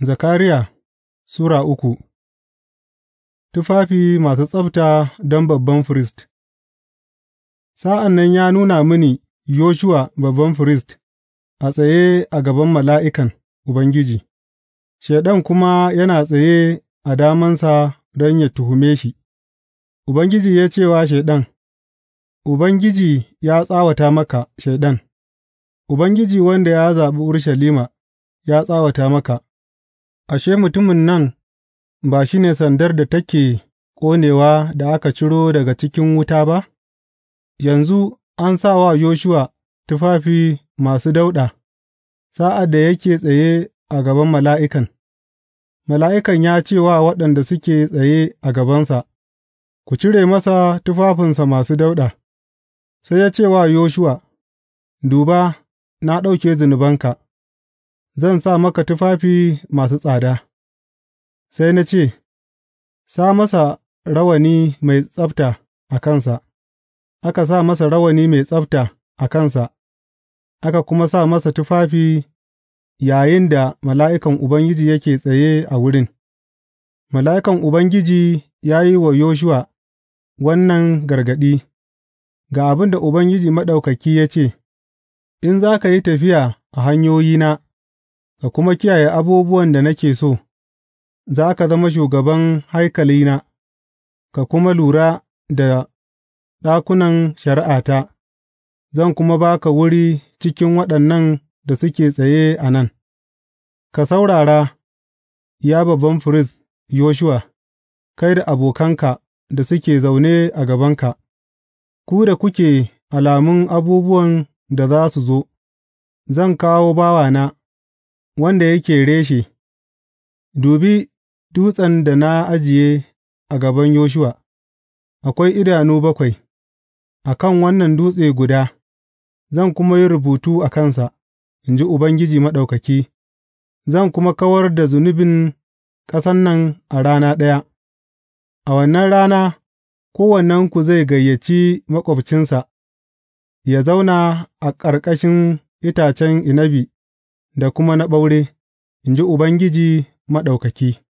Zakariya Sura uku Tufafi masu tsabta don babban firist Sa'an nan ya nuna mini Yoshuwa babban firist a tsaye a gaban mala'ikan Ubangiji, Shaiɗan kuma yana tsaye a damansa don ya tuhume shi, Ubangiji ya ce wa Shaiɗan, Ubangiji ya tsawata maka, Shaiɗan, Ubangiji wanda ya zaɓi Urushalima ya tsawata maka. Ashe, mutumin nan ba shi ne sandar da take ƙonewa da aka ciro daga cikin wuta ba, yanzu an sa wa Yoshuwa tufafi masu dauɗa sa'ad da yake tsaye a gaban mala'ikan, mala'ikan ya ce wa waɗanda suke tsaye a gabansa, Ku cire masa tufafinsa masu dauɗa, sai ya ce wa Yoshuwa, Duba, na ɗauke zunubanka. Zan sa maka tufafi masu tsada, sai na ce, Sa masa rawani mai tsabta a kansa, aka sa masa rawani mai tsabta a kansa, aka kuma sa masa tufafi yayin da mala'ikan Ubangiji yake tsaye a wurin. Mala'ikan Ubangiji ya yi wa Yoshuwa wannan gargaɗi, Ga abin da Ubangiji Maɗaukaki ya ce, In za ka yi tafiya a hanyoyina, ka kuma kiyaye abubuwan da nake so, za ka zama shugaban haikalina, ka kuma lura da ɗakunan shari'ata, zan kuma ba ka wuri cikin waɗannan da suke tsaye a nan. Ka saurara, ya babban firist Yoshuwa, kai da abokanka da suke zaune a gabanka, ku da kuke alamun abubuwan da za su zo, zan kawo bawana. wanda yake reshe, Dubi dutsen da na ajiye a gaban Yoshuwa, akwai idanu bakwai, a kan wannan dutse guda, zan kuma yi rubutu a kansa, in ji Ubangiji Maɗaukaki, zan kuma kawar da zunubin ƙasan nan a rana ɗaya, a wannan rana kowannenku zai gayyaci maƙwabcinsa, Ya zauna a ƙarƙashin itacen inabi. da kuma na ɓaure, in ji Ubangiji Maɗaukaki.